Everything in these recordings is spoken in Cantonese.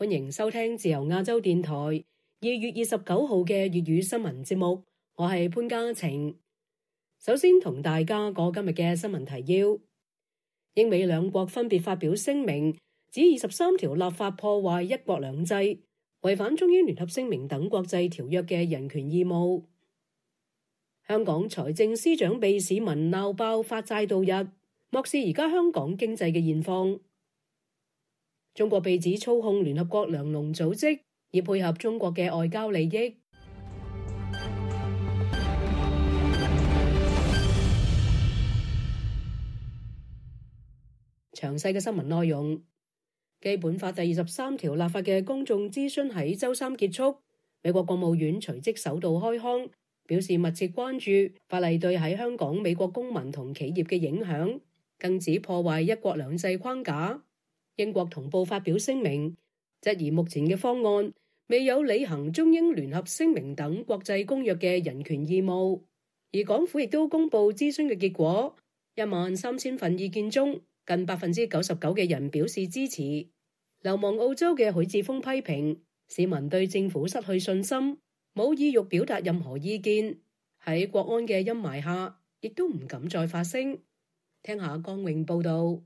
歡迎收聽自由亞洲電台二月二十九號嘅粵語新聞節目，我係潘嘉晴。首先同大家過今日嘅新聞提要：英美兩國分別發表聲明，指二十三條立法破壞一國兩制，違反中英聯合聲明等國際條約嘅人權義務。香港財政司長被市民鬧爆發債度日，漠視而家香港經濟嘅現況。中國被指操控聯合國糧農組織，以配合中國嘅外交利益。詳細嘅新聞內容，基本法第二十三條立法嘅公眾諮詢喺周三結束。美國國務院隨即首度開腔，表示密切關注法例對喺香港美國公民同企業嘅影響，更指破壞一國兩制框架。英國同步發表聲明，質疑目前嘅方案未有履行中英聯合聲明等國際公約嘅人權義務。而港府亦都公布諮詢嘅結果，一萬三千份意見中，近百分之九十九嘅人表示支持。流亡澳洲嘅許智峯批評市民對政府失去信心，冇意欲表達任何意見，喺國安嘅陰霾下，亦都唔敢再發聲。聽下江永報道。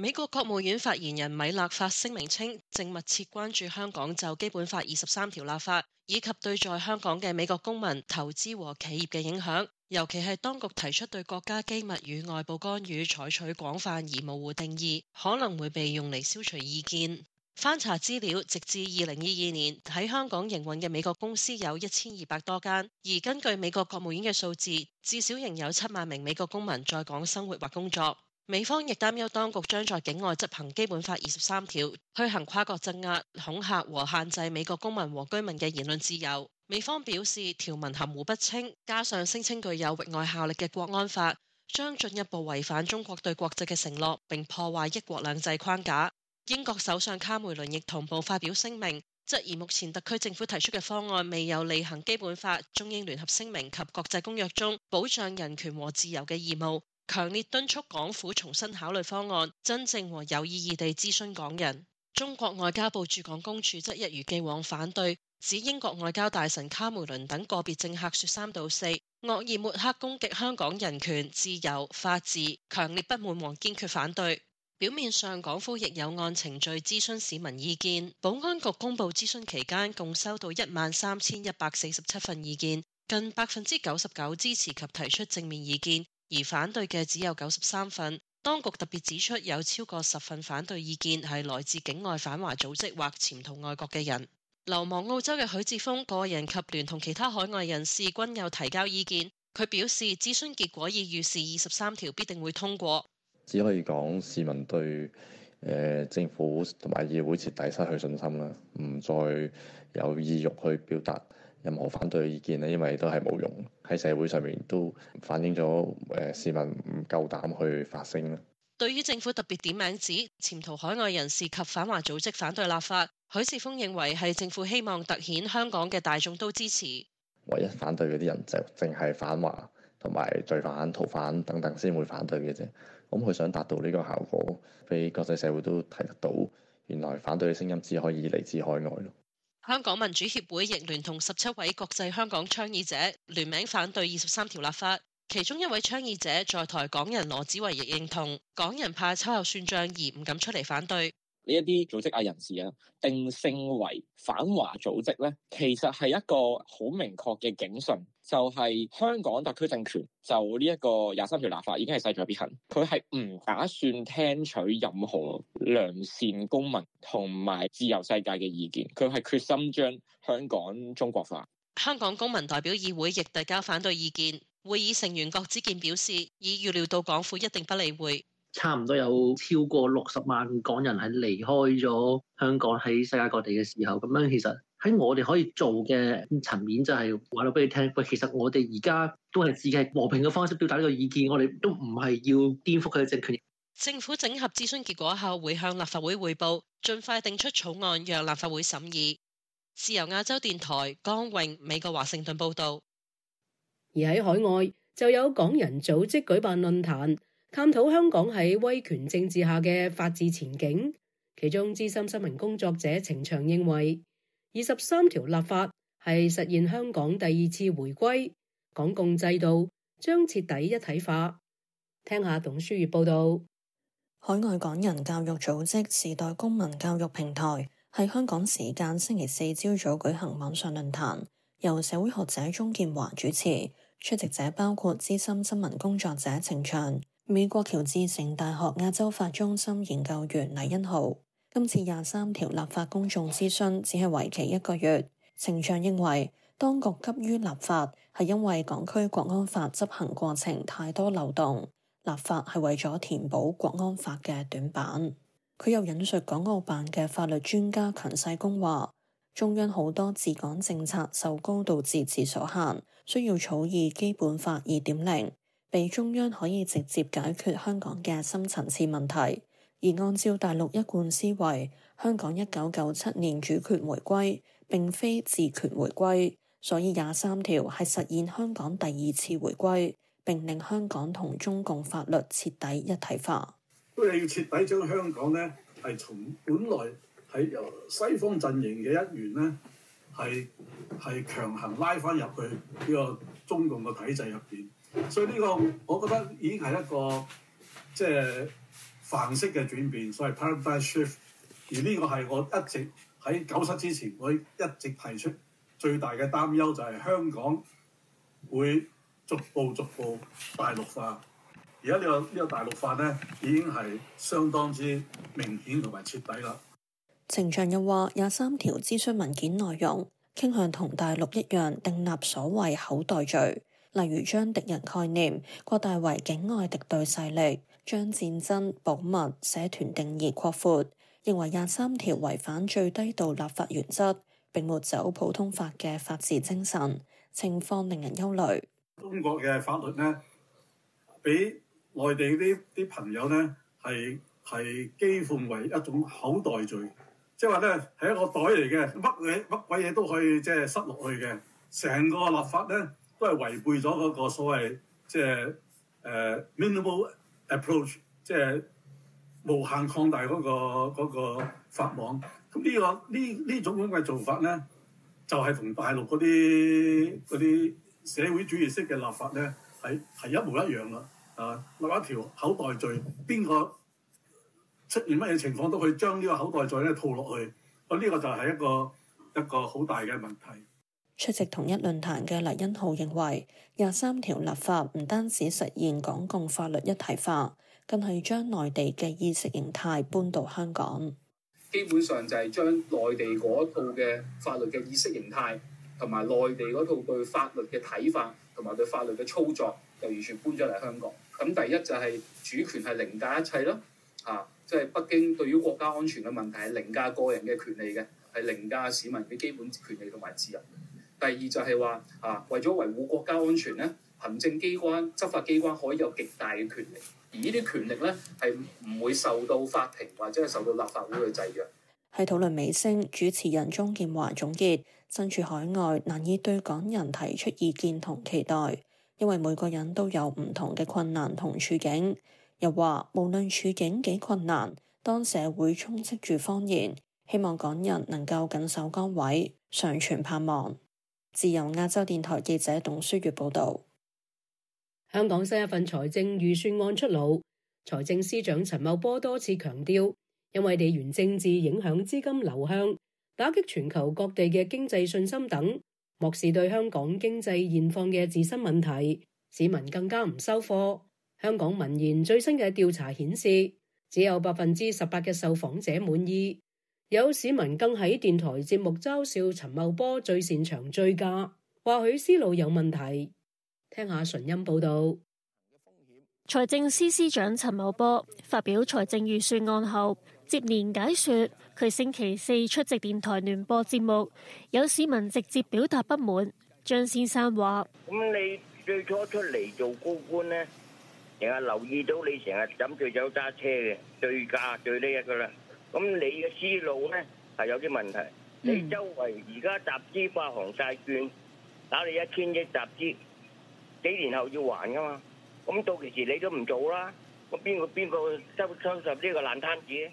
美國國務院發言人米勒發聲明稱，正密切關注香港就《基本法》二十三條立法，以及對在香港嘅美國公民投資和企業嘅影響，尤其係當局提出對國家機密與外部干預採取廣泛而模糊定義，可能會被用嚟消除意見。翻查資料，直至二零二二年喺香港營運嘅美國公司有一千二百多間，而根據美國國務院嘅數字，至少仍有七萬名美國公民在港生活或工作。美方亦擔憂當局將在境外執行基本法二十三條，推行跨國鎮壓、恐嚇和限制美國公民和居民嘅言論自由。美方表示，條文含糊不清，加上聲稱具有域外效力嘅國安法，將進一步違反中國對國際嘅承諾，並破壞一國兩制框架。英國首相卡梅倫亦同步發表聲明，質疑目前特區政府提出嘅方案未有履行基本法、中英聯合聲明及國際公約中保障人權和自由嘅義務。強烈敦促港府重新考慮方案，真正和有意義地諮詢港人。中國外交部駐港公署則一如既往反對，指英國外交大臣卡梅倫等個別政客說三道四，惡意抹黑攻擊香港人權、自由、法治，強烈不滿和堅決反對。表面上，港府亦有按程序諮詢市民意見。保安局公布諮詢期間共收到一萬三千一百四十七份意見，近百分之九十九支持及提出正面意見。而反對嘅只有九十三份，當局特別指出有超過十份反對意見係來自境外反華組織或潛逃外國嘅人。流亡澳洲嘅許智峰個人及聯同其他海外人士均有提交意見，佢表示諮詢結果已預示二十三條必定會通過，只可以講市民對誒、呃、政府同埋議會徹底失去信心啦，唔再有意欲去表達。任何反對意見咧，因為都係冇用，喺社會上面都反映咗誒、呃、市民唔夠膽去發聲啦。對於政府特別點名指潛逃海外人士及反華組織反對立法，許智峰認為係政府希望突顯香港嘅大眾都支持。唯一反對嗰啲人就淨係反華同埋罪犯、逃犯等等先會反對嘅啫。咁佢想達到呢個效果，俾國際社會都睇得到，原來反對嘅聲音只可以嚟自海外咯。香港民主協會亦聯同十七位國際香港倡議者聯名反對二十三條立法，其中一位倡議者在台港人羅子維亦認同港人怕秋後算帳而唔敢出嚟反對。呢一啲組織啊人士啊，定性為反華組織咧，其實係一個好明確嘅警訊，就係香港特區政權就呢一個廿三條立法已經係勢在必行，佢係唔打算聽取任何良善公民同埋自由世界嘅意見，佢係決心將香港中國化。香港公民代表議會亦遞交反對意見，會議成員郭子健表示，已預料到港府一定不理會。差唔多有超過六十萬港人係離開咗香港喺世界各地嘅時候，咁樣其實喺我哋可以做嘅層面就係話咗俾你聽，喂，其實我哋而家都係自己和平嘅方式表達呢個意見，我哋都唔係要顛覆佢嘅政權。政府整合諮詢結果後，會向立法會匯報，盡快定出草案讓立法會審議。自由亞洲電台江永美國華盛頓報道。而喺海外就有港人組織舉辦論壇。探討香港喺威權政治下嘅法治前景，其中資深新聞工作者程翔認為，二十三條立法係實現香港第二次回歸，港共制度將徹底一體化。聽下董書月報道。海外港人教育組織時代公民教育平台喺香港時間星期四朝早舉行網上論壇，由社會學者鍾建華主持，出席者包括資深新聞工作者程翔。美國喬治城大學亞洲法中心研究員黎恩豪今次廿三條立法公眾諮詢只係為期一個月，成仗認為當局急於立法係因為港區國安法執行過程太多漏洞，立法係為咗填補國安法嘅短板。佢又引述港澳辦嘅法律專家強世功話，中央好多治港政策受高度自治所限，需要草擬基本法二點零。被中央可以直接解決香港嘅深層次問題，而按照大陸一貫思維，香港一九九七年主權回歸，並非自權回歸，所以廿三條係實現香港第二次回歸，並令香港同中共法律徹底一體化。都係要徹底將香港咧係從本來係由西方陣營嘅一員咧係係強行拉翻入去呢個中共嘅體制入邊。所以呢個，我覺得已經係一個即係範式嘅轉變，所謂 paradigm shift。而呢個係我一直喺九七之前，我一直提出最大嘅擔憂就係香港會逐步逐步大陸化。而家呢個呢個大陸化咧，已經係相當之明顯同埋徹底啦。程翔又話：有三條諮詢文件內容傾向同大陸一樣，訂立所謂口袋罪。例如將敵人概念擴大為境外敵對勢力，將戰爭、保密、社團定義擴闊，認為廿三條違反最低度立法原則，並沒走普通法嘅法治精神，情況令人憂慮。中國嘅法律呢，俾內地啲啲朋友呢，係係譏諷為一種口袋罪，即係話咧係一個袋嚟嘅，乜嘢乜鬼嘢都可以即係塞落去嘅，成個立法咧。都係違背咗嗰個所謂即係誒 minimal approach，即係無限擴大嗰個嗰個法網。咁呢個呢呢種咁嘅做法咧，就係同大陸嗰啲嗰啲社會主義式嘅立法咧，係係一模一樣啦。啊，立一條口袋罪，邊個出現乜嘢情況都可以將呢個口袋罪咧套落去。咁呢個就係一個一個好大嘅問題。出席同一論壇嘅黎恩浩認為廿三條立法唔單止實現港共法律一體化，更係將內地嘅意識形態搬到香港。基本上就係將內地嗰一套嘅法律嘅意識形態同埋內地嗰套對法律嘅睇法，同埋對法律嘅操作，就完全搬咗嚟香港。咁第一就係主權係凌駕一切咯，吓，即係北京對於國家安全嘅問題，係凌駕個人嘅權利嘅，係凌駕市民嘅基本權利同埋自由。第二就係話啊，為咗維護國家安全咧，行政機關、執法機關可以有極大嘅權力，而呢啲權力呢，係唔會受到法庭或者係受到立法會嘅制約。喺討論尾聲，主持人鍾建華總結：身處海外難以對港人提出意見同期待，因為每個人都有唔同嘅困難同處境。又話無論處境幾困難，當社會充斥住謊言，希望港人能夠緊守崗位，常傳盼望。自由亞洲電台記者董書月報道：香港新一份財政預算案出爐，財政司長陳茂波多次強調，因為地緣政治影響資金流向、打擊全球各地嘅經濟信心等，漠視對香港經濟現況嘅自身問題，市民更加唔收貨。香港民研最新嘅調查顯示，只有百分之十八嘅受訪者滿意。有市民更喺電台節目嘲笑陳茂波最擅長醉駕，或許思路有問題。聽下純音報道。財政司司長陳茂波發表財政預算案後，接連解說。佢星期四出席電台聯播節目，有市民直接表達不滿。張先生話：咁你最初出嚟做高官呢？成日留意到你成日飲醉酒揸車嘅，醉駕最叻一個啦。咁你嘅思路咧係有啲問題。嗯、你周圍而家集資發行債券，打你一千億集資，幾年後要還噶嘛？咁到期時你都唔做啦，咁邊個邊個收收拾呢個爛攤子？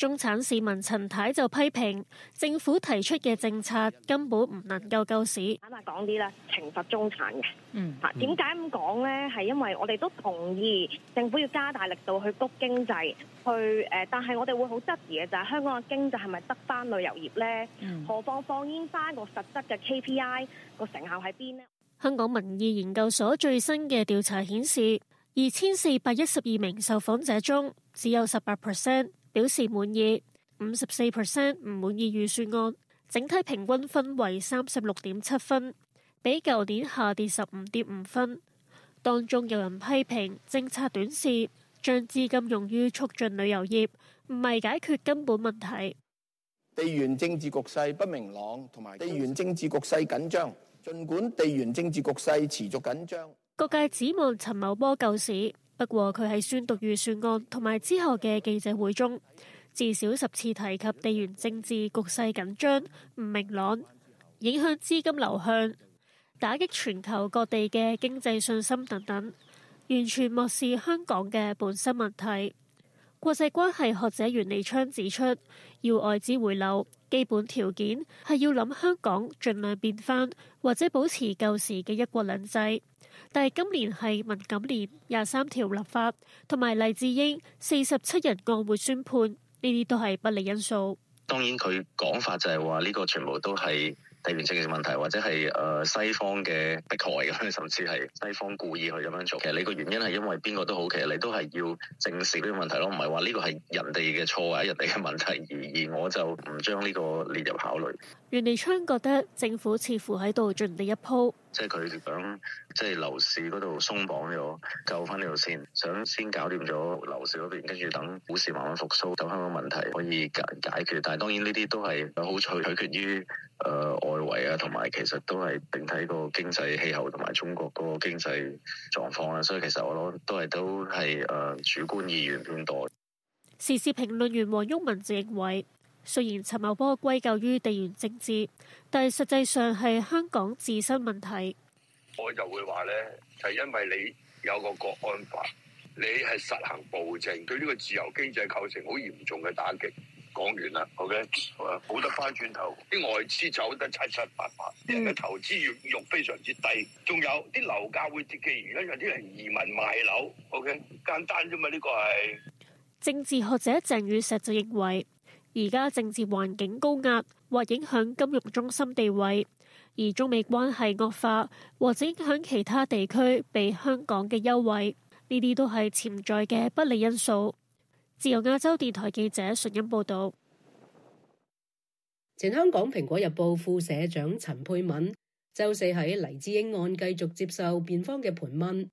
中產市民陳太就批評政府提出嘅政策根本唔能夠救市，坦白講啲咧懲罰中產嘅。嗯，點解咁講咧？係因為我哋都同意政府要加大力度去谷經濟，去誒，但係我哋會好質疑嘅就係香港嘅經濟係咪得翻旅遊業咧？何況放煙花個實質嘅 KPI 個成效喺邊咧？香港民意研究所最新嘅調查顯示，二千四百一十二名受訪者中只有十八 percent。表示滿意，五十四 percent 唔滿意預算案，整體平均分為三十六點七分，比舊年下跌十五點五分。當中有人批評政策短視，將資金用於促進旅遊業，唔係解決根本問題。地緣政治局勢不明朗，同埋地緣政治局勢緊張。盡管地緣政治局勢持續緊張，各界指望陳茂波救市。不過佢喺宣讀預算案同埋之後嘅記者會中，至少十次提及地緣政治局勢緊張、唔明朗、影響資金流向、打擊全球各地嘅經濟信心等等，完全漠視香港嘅本身問題。國際關係學者袁利昌指出，要外資回流，基本條件係要諗香港儘量變返或者保持舊時嘅一國兩制。但係今年係敏感年，廿三條立法同埋黎智英四十七人案，會宣判呢啲都係不利因素。當然佢講法就係話呢個全部都係地緣政治問題，或者係誒、呃、西方嘅逼害，甚至係西方故意去咁樣做。其實你個原因係因為邊個都好，其實你都係要正視呢啲問題咯，唔係話呢個係人哋嘅錯啊，人哋嘅問題而而我就唔將呢個列入考慮。袁利昌覺得政府似乎喺度盡地一鋪。即係佢想，即係樓市嗰度鬆綁咗，救翻呢度先，想先搞掂咗樓市嗰邊，跟住等股市慢慢復甦，等香港問題可以解解決。但係當然呢啲都係好取取決於誒、呃、外圍啊，同埋其實都係定睇個經濟氣候同埋中國嗰個經濟狀況啊，所以其實我諗都係都係誒主觀意願偏多。時事評論員黃鬱文就認為。雖然陳茂波歸咎於地緣政治，但係實際上係香港自身問題。我就會話咧，就係、是、因為你有個國安法，你係實行暴政，對呢個自由經濟構成好嚴重嘅打擊。講完啦，OK，冇得翻轉頭，啲外資走得七七八八，啲人嘅投資欲，欲非常之低。仲有啲樓價會跌嘅，而家有啲人移民賣樓。OK，簡單啫嘛，呢、這個係政治學者鄭宇石就認為。而家政治環境高壓，或影響金融中心地位；而中美關係惡化，或者影響其他地區被香港嘅優惠，呢啲都係潛在嘅不利因素。自由亞洲電台記者順欣報道。前香港《蘋果日報》副社長陳佩敏，週四喺黎智英案繼續接受辯方嘅盤問，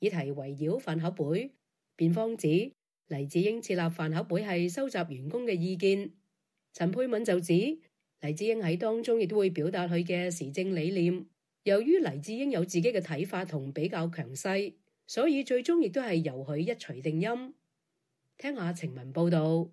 議題圍繞飯盒杯。辯方指。黎智英設立飯盒會係收集員工嘅意見，陳佩敏就指黎智英喺當中亦都會表達佢嘅時政理念。由於黎智英有自己嘅睇法同比較強勢，所以最終亦都係由佢一錘定音。聽下情文報道，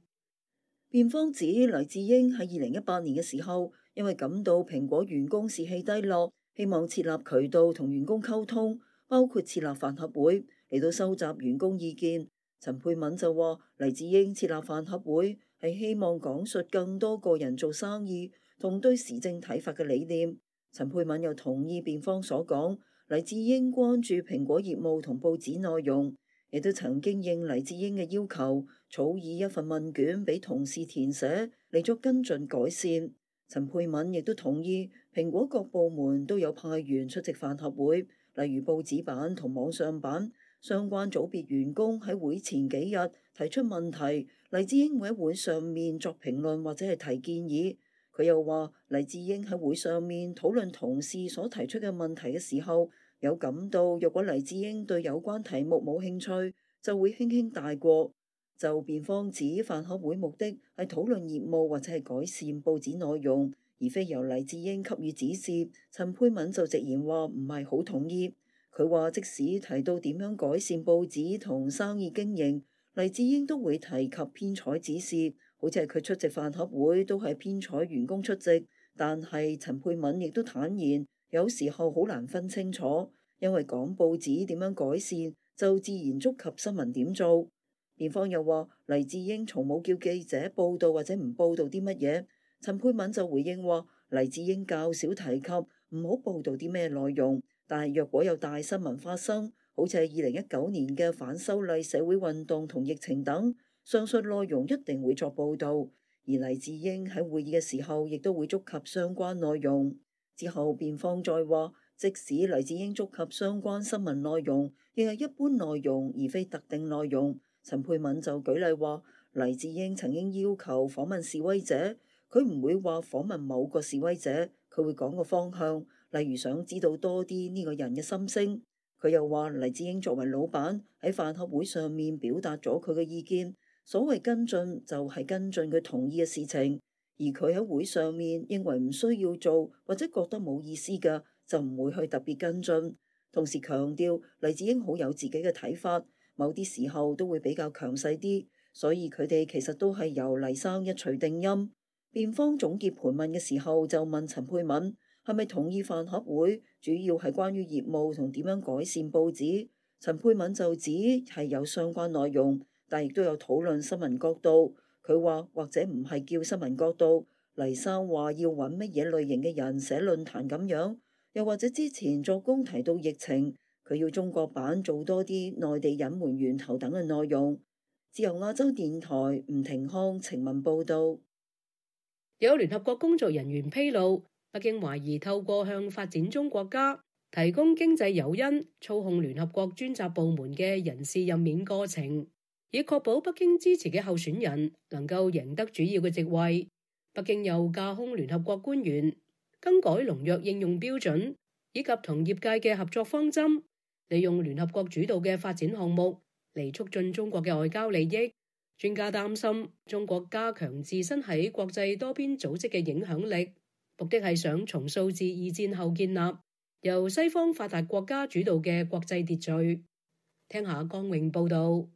辯方指黎智英喺二零一八年嘅時候，因為感到蘋果員工士氣低落，希望設立渠道同員工溝通，包括設立飯盒會嚟到收集員工意見。陳佩敏就話黎智英設立飯盒會係希望講述更多個人做生意同對時政睇法嘅理念。陳佩敏又同意辯方所講，黎智英關注蘋果業務同報紙內容，亦都曾經應黎智英嘅要求，草擬一份問卷俾同事填寫，嚟作跟進改善。陳佩敏亦都同意蘋果各部門都有派員出席飯盒會，例如報紙版同網上版。相關組別員工喺會前幾日提出問題，黎智英會喺會上面作評論或者係提建議。佢又話黎智英喺會上面討論同事所提出嘅問題嘅時候，有感到若果黎智英對有關題目冇興趣，就會輕輕帶過。就辯方指飯盒會目的係討論業務或者係改善報紙內容，而非由黎智英給予指示。陳佩敏就直言話唔係好同意。佢話，即使提到點樣改善報紙同生意經營，黎智英都會提及編採指示，好似係佢出席飯盒會都係編採員工出席。但係陳佩敏亦都坦言，有時候好難分清楚，因為講報紙點樣改善，就自然觸及新聞點做。辯方又話，黎智英從冇叫記者報導或者唔報導啲乜嘢。陳佩敏就回應話，黎智英較少提及，唔好報導啲咩內容。但係，若果有大新聞發生，好似係二零一九年嘅反修例社會運動同疫情等，上述內容一定會作報導。而黎智英喺會議嘅時候，亦都會觸及相關內容。之後，辯方再話，即使黎智英觸及相關新聞內容，亦係一般內容，而非特定內容。陳佩敏就舉例話，黎智英曾經要求訪問示威者，佢唔會話訪問某個示威者，佢會講個方向。例如想知道多啲呢個人嘅心聲，佢又話黎智英作為老闆喺飯盒會上面表達咗佢嘅意見。所謂跟進就係跟進佢同意嘅事情，而佢喺會上面認為唔需要做或者覺得冇意思嘅，就唔會去特別跟進。同時強調黎智英好有自己嘅睇法，某啲時候都會比較強勢啲，所以佢哋其實都係由黎生一錘定音。辯方總結盤問嘅時候就問陳佩敏。係咪同意飯盒會主要係關於業務同點樣改善報紙？陳佩敏就指係有相關內容，但亦都有討論新聞角度。佢話或者唔係叫新聞角度，黎生話要揾乜嘢類型嘅人寫論壇咁樣，又或者之前作工提到疫情，佢要中國版做多啲內地隱瞞源頭等嘅內容。自由亞洲電台吳亭康，情文報道。有聯合國工作人員披露。北京懷疑透過向發展中國家提供經濟誘因，操控聯合國專責部門嘅人事任免過程，以確保北京支持嘅候選人能夠贏得主要嘅席位。北京又架空聯合國官員，更改農藥應用標準，以及同業界嘅合作方針，利用聯合國主導嘅發展項目嚟促進中國嘅外交利益。專家擔心中國加強自身喺國際多邊組織嘅影響力。目的係想重塑自二戰後建立由西方發達國家主導嘅國際秩序。聽下江永報道。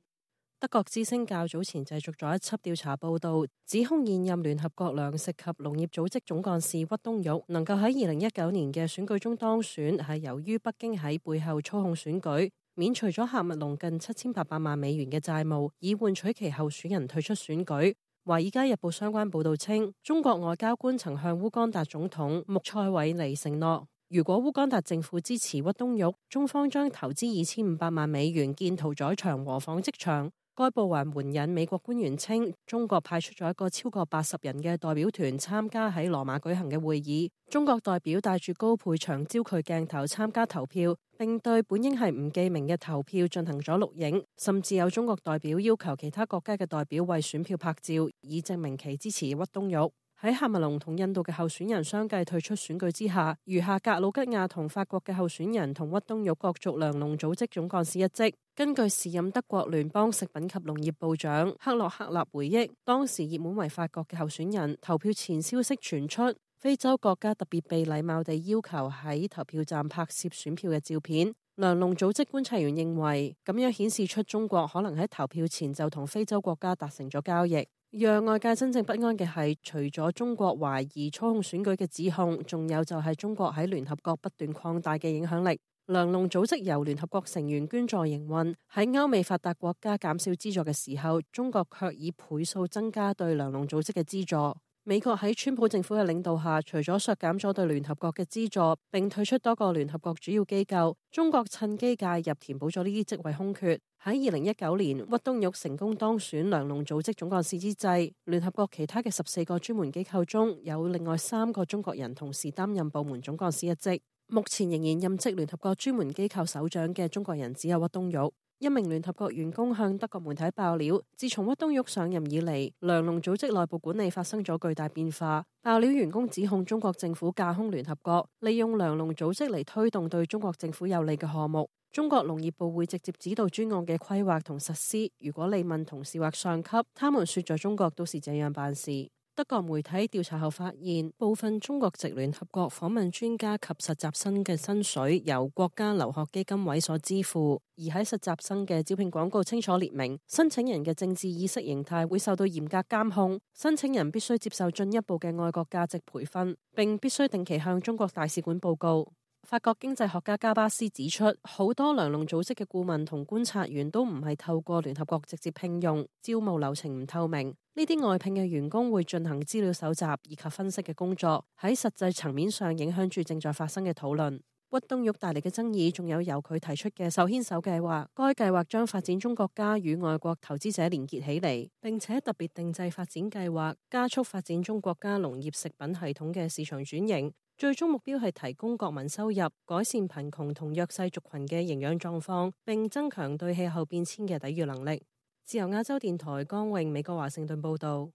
德國之聲較早前製作咗一輯調查報道，指控現任聯合國糧食及農業組織總幹事屈冬玉能夠喺二零一九年嘅選舉中當選，係由於北京喺背後操控選舉，免除咗喀麥隆近七千八百萬美元嘅債務，以換取其候選人退出選舉。《華爾街日報》相關報道稱，中國外交官曾向烏干達總統穆塞韋尼承諾，如果烏干達政府支持屈冬玉，中方將投資二千五百萬美元建屠宰場和紡織廠。該部還援引美國官員稱，中國派出咗一個超過八十人嘅代表團參加喺羅馬舉行嘅會議，中國代表帶住高倍長焦距鏡頭參加投票，並對本應係唔記名嘅投票進行咗錄影，甚至有中國代表要求其他國家嘅代表為選票拍照，以證明其支持屈冬玉。喺夏密隆同印度嘅候選人相繼退出選舉之下，餘下格魯吉亞同法國嘅候選人同屈冬玉角逐糧農組織總幹事一職。根據時任德國聯邦食品及農業部長克洛克納回憶，當時熱門為法國嘅候選人，投票前消息傳出非洲國家特別被禮貌地要求喺投票站拍攝選票嘅照片。糧農組織觀察員認為，咁樣顯示出中國可能喺投票前就同非洲國家達成咗交易。讓外界真正不安嘅係，除咗中國懷疑操控選舉嘅指控，仲有就係中國喺聯合國不斷擴大嘅影響力。糧農組織由聯合國成員捐助營運，喺歐美發達國家減少資助嘅時候，中國卻以倍數增加對糧農組織嘅資助。美國喺川普政府嘅領導下，除咗削減咗對聯合國嘅資助，並退出多個聯合國主要機構，中國趁機介入填補咗呢啲職位空缺。喺二零一九年，屈冬玉成功當選糧農組織總幹事之際，聯合國其他嘅十四個專門機構中有另外三個中國人同時擔任部門總幹事一職。目前仍然任職聯合國專門機構首長嘅中國人只有屈冬玉。一名聯合國員工向德國媒體爆料，自從屈冬玉上任以嚟，糧農組織內部管理發生咗巨大變化。爆料員工指控中國政府架空聯合國，利用糧農組織嚟推動對中國政府有利嘅項目。中國農業部會直接指導專案嘅規劃同實施。如果你問同事或上級，他們說在中國都是這樣辦事。德國媒體調查後發現，部分中國籍聯合國訪問專家及實習生嘅薪水由國家留學基金委所支付，而喺實習生嘅招聘廣告清楚列明，申請人嘅政治意識形態會受到嚴格監控，申請人必須接受進一步嘅愛國價值培訓，並必須定期向中國大使館報告。法國經濟學家加巴斯指出，好多糧農組織嘅顧問同觀察員都唔係透過聯合國直接聘用，招募流程唔透明。呢啲外聘嘅員工會進行資料搜集，以及分析嘅工作，喺實際層面上影響住正在發生嘅討論。屈冬玉帶嚟嘅爭議，仲有由佢提出嘅手牽手計劃，該計劃將發展中國家與外國投資者連結起嚟，並且特別定製發展計劃，加速發展中國家農業食品系統嘅市場轉型。最終目標係提供國民收入，改善貧窮同弱勢族群嘅營養狀況，並增強對氣候變遷嘅抵御能力。自由亞洲電台江永美國華盛頓報道：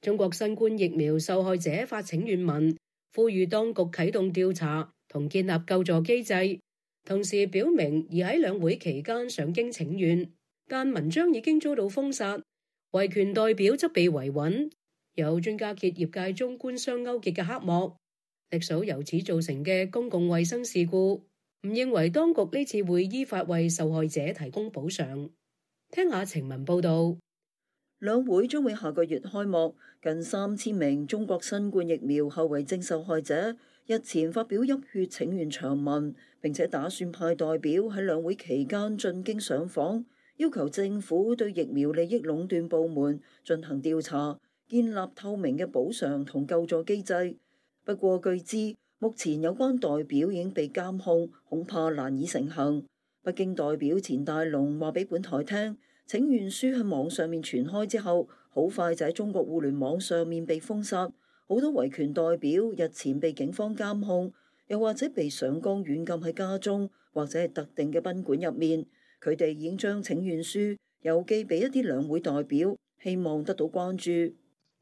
中國新冠疫苗受害者發請願文，呼籲當局啟動調查同建立救助機制，同時表明而喺兩會期間上京請願，但文章已經遭到封殺，維權代表則被維穩。有專家揭業界中官商勾結嘅黑幕。歷數由此造成嘅公共衛生事故，唔認為當局呢次會依法為受害者提供補償。聽下情文報道，兩會將會下個月開幕，近三千名中國新冠疫苗後遺症受害者日前發表泣血請願長文，並且打算派代表喺兩會期間進京上訪，要求政府對疫苗利益壟斷部門進行調查，建立透明嘅補償同救助機制。不過據知，目前有關代表已經被監控，恐怕難以成行。北京代表錢大龍話俾本台聽：請願書喺網上面傳開之後，好快就喺中國互聯網上面被封殺。好多維權代表日前被警方監控，又或者被上崗軟禁喺家中，或者係特定嘅賓館入面。佢哋已經將請願書郵寄俾一啲兩會代表，希望得到關注。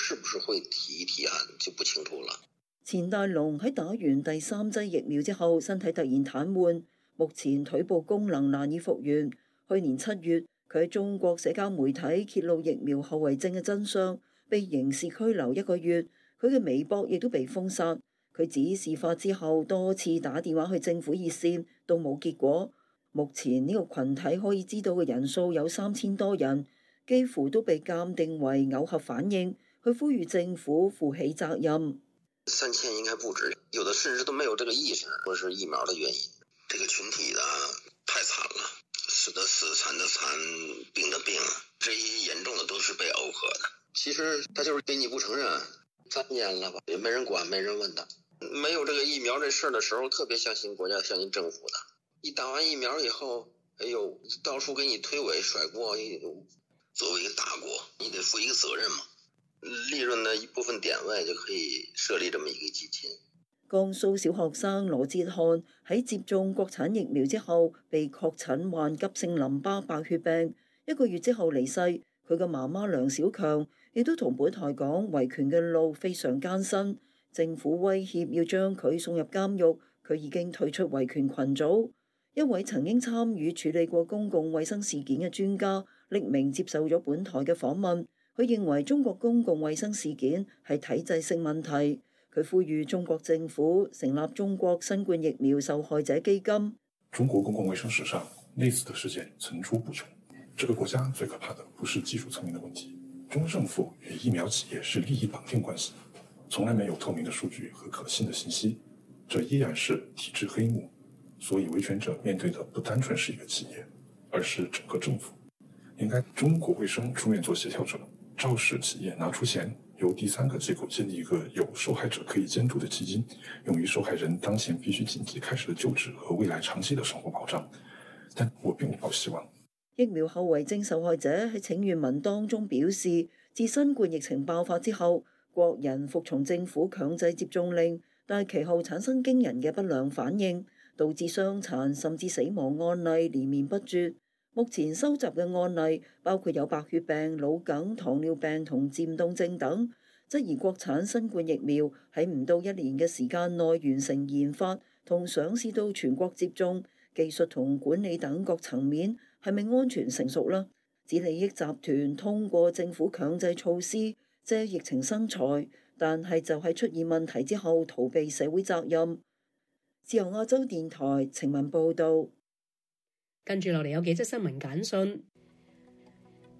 是不是會提一提案就不清楚啦。錢大龍喺打完第三劑疫苗之後，身體突然癱瘓，目前腿部功能難以復原。去年七月，佢喺中國社交媒體揭露疫苗後遺症嘅真相，被刑事拘留一個月，佢嘅微博亦都被封殺。佢指事發之後多次打電話去政府熱線，都冇結果。目前呢個群體可以知道嘅人數有三千多人，幾乎都被鑒定為偶合反應。佢呼籲政府負起責任。三千應該不止，有的甚至都沒有這個意識，或者是疫苗的原因。這個群體的太慘了，死的死，殘的殘，病的病，這些嚴重的都是被耦合的。其實他就是給你不承認，三年了吧，也沒人管，沒人問的。沒有這個疫苗這事的時候，特別相信國家，相信政府的。你打完疫苗以後，哎呦，到處給你推諉甩鍋。作為一個大國，你得負一個責任嘛。利潤一部分就可以設立咁樣嘅基金。江蘇小學生羅哲翰喺接種國產疫苗之後，被確診患急性淋巴白血病，一個月之後離世。佢嘅媽媽梁小強亦都同本台講，維權嘅路非常艱辛，政府威脅要將佢送入監獄，佢已經退出維權群組。一位曾經參與處理過公共衛生事件嘅專家匿名接受咗本台嘅訪問。佢認為中國公共衛生事件係體制性問題，佢呼籲中國政府成立中國新冠疫苗受害者基金。中國公共衛生史上類似的事件層出不窮，這個國家最可怕的不是技術層面的問題，中國政府與疫苗企業是利益綁定關係，從來沒有透明的數據和可信的信息，這依然是體制黑幕。所以，維權者面對的不單純是一個企業，而是整個政府，應該中國衛生出面做協調者。肇事企業拿出錢，由第三個機構建立一個有受害者可以監督嘅基金，用於受害人當前必須緊急開始嘅救治和未來長期的生活保障。但我並不抱希望。疫苗後遺症受害者喺請願文當中表示，自新冠疫情爆發之後，國人服從政府強制接種令，但其後產生驚人嘅不良反應，導致傷殘甚至死亡案例連綿不絕。目前收集嘅案例包括有白血病、腦梗、糖尿病同漸凍症等，質疑國產新冠疫苗喺唔到一年嘅時間內完成研發同上市到全國接種，技術同管理等各層面係咪安全成熟啦？指利益集團通過政府強制措施借疫情生財，但係就係出現問題之後逃避社會責任。自由亞洲電台程文報道。跟住落嚟有幾則新聞簡訊。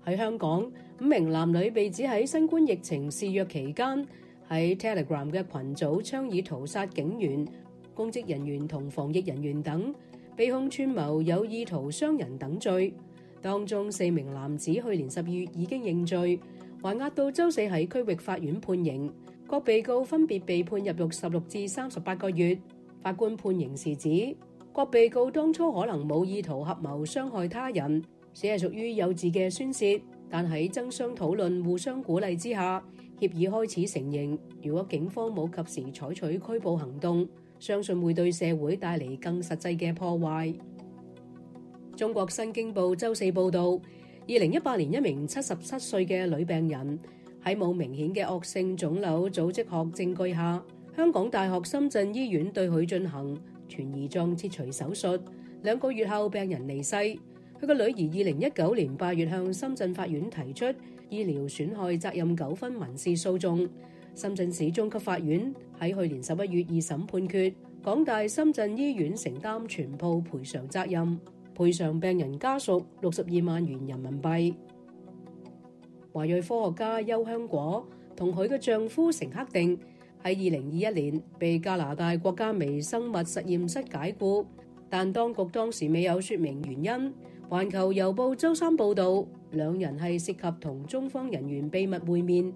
喺香港，五名男女被指喺新冠疫情肆虐期間喺 Telegram 嘅群組倡議屠殺警員、公職人員同防疫人員等，被控串謀有意圖傷人等罪。當中四名男子去年十二月已經認罪，還押到周四喺區域法院判刑。各被告分別被判入獄十六至三十八個月。法官判刑時指，各被告當初可能冇意圖合謀傷害他人，只係屬於幼稚嘅宣洩。但喺爭相討論、互相鼓勵之下，協議開始承認，如果警方冇及時採取拘捕行動，相信會對社會帶嚟更實際嘅破壞。中國新京報周四報道，二零一八年一名七十七歲嘅女病人喺冇明顯嘅惡性腫瘤組織學證據下，香港大學深圳醫院對佢進行全胰臟切除手術兩個月後，病人離世。佢個女兒二零一九年八月向深圳法院提出醫療損害責任糾紛民事訴訟。深圳市中級法院喺去年十一月二審判決，港大深圳醫院承擔全部賠償責任，賠償病人家屬六十二萬元人民幣。華裔科學家邱香果同佢嘅丈夫程克定，喺二零二一年被加拿大國家微生物實驗室解雇，但當局當時未有説明原因。環球郵報周三報導，兩人係涉及同中方人員秘密會面，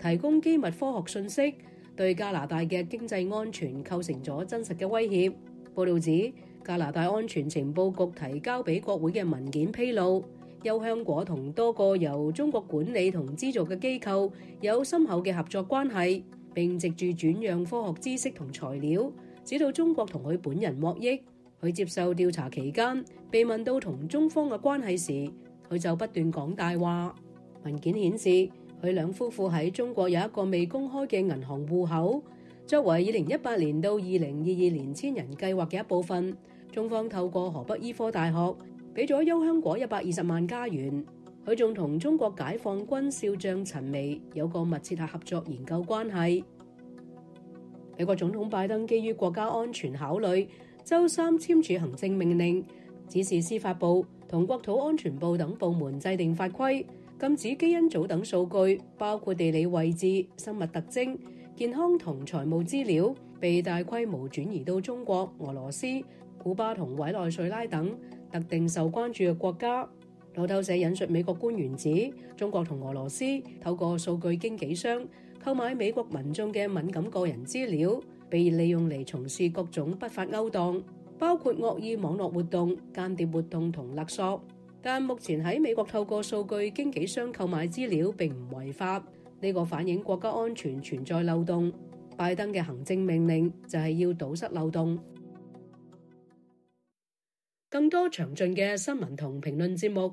提供機密科學信息，對加拿大嘅經濟安全構成咗真實嘅威脅。報導指，加拿大安全情報局提交俾國會嘅文件披露，邱香果同多個由中國管理同資助嘅機構有深厚嘅合作關係。並藉住轉讓科學知識同材料，使到中國同佢本人獲益。佢接受調查期間，被問到同中方嘅關係時，佢就不斷講大話。文件顯示，佢兩夫婦喺中國有一個未公開嘅銀行戶口。作為二零一八年到二零二二年千人計劃嘅一部分，中方透過河北醫科大學，俾咗優香果一百二十萬加元。佢仲同中國解放軍少將陳薇有個密切嘅合作研究關係。美國總統拜登基於國家安全考慮，週三簽署行政命令，指示司法部同國土安全部等部門制定法規，禁止基因組等數據，包括地理位置、生物特徵、健康同財務資料，被大規模轉移到中國、俄羅斯、古巴同委內瑞拉等特定受關注嘅國家。路透社引述美國官員指，中國同俄羅斯透過數據經紀商購買美國民眾嘅敏感個人資料，被利用嚟從事各種不法勾當，包括惡意網絡活動、間諜活動同勒索。但目前喺美國透過數據經紀商購買資料並唔違法，呢個反映國家安全存在漏洞。拜登嘅行政命令就係要堵塞漏洞。更多詳盡嘅新聞同評論節目。